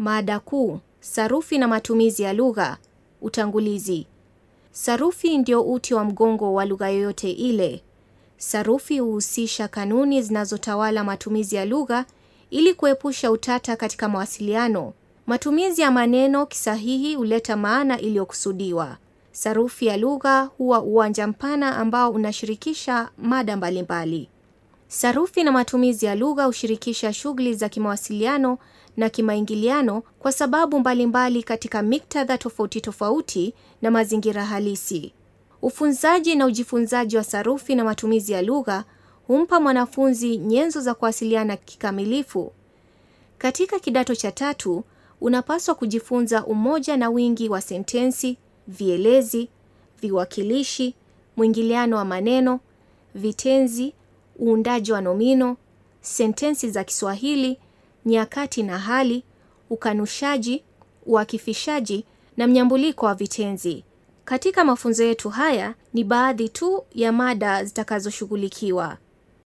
Mada kuu: sarufi na matumizi ya lugha. Utangulizi. Sarufi ndio uti wa mgongo wa lugha yoyote ile. Sarufi huhusisha kanuni zinazotawala matumizi ya lugha ili kuepusha utata katika mawasiliano. Matumizi ya maneno kisahihi huleta maana iliyokusudiwa. Sarufi ya lugha huwa uwanja mpana ambao unashirikisha mada mbalimbali. Sarufi na matumizi ya lugha hushirikisha shughuli za kimawasiliano na kimaingiliano kwa sababu mbalimbali mbali katika miktadha tofauti tofauti na mazingira halisi. Ufunzaji na ujifunzaji wa sarufi na matumizi ya lugha humpa mwanafunzi nyenzo za kuwasiliana kikamilifu. Katika kidato cha tatu, unapaswa kujifunza umoja na wingi wa sentensi, vielezi, viwakilishi, mwingiliano wa maneno, vitenzi uundaji wa nomino, sentensi za Kiswahili, nyakati na hali, ukanushaji, uakifishaji na mnyambuliko wa vitenzi. Katika mafunzo yetu haya ni baadhi tu ya mada zitakazoshughulikiwa.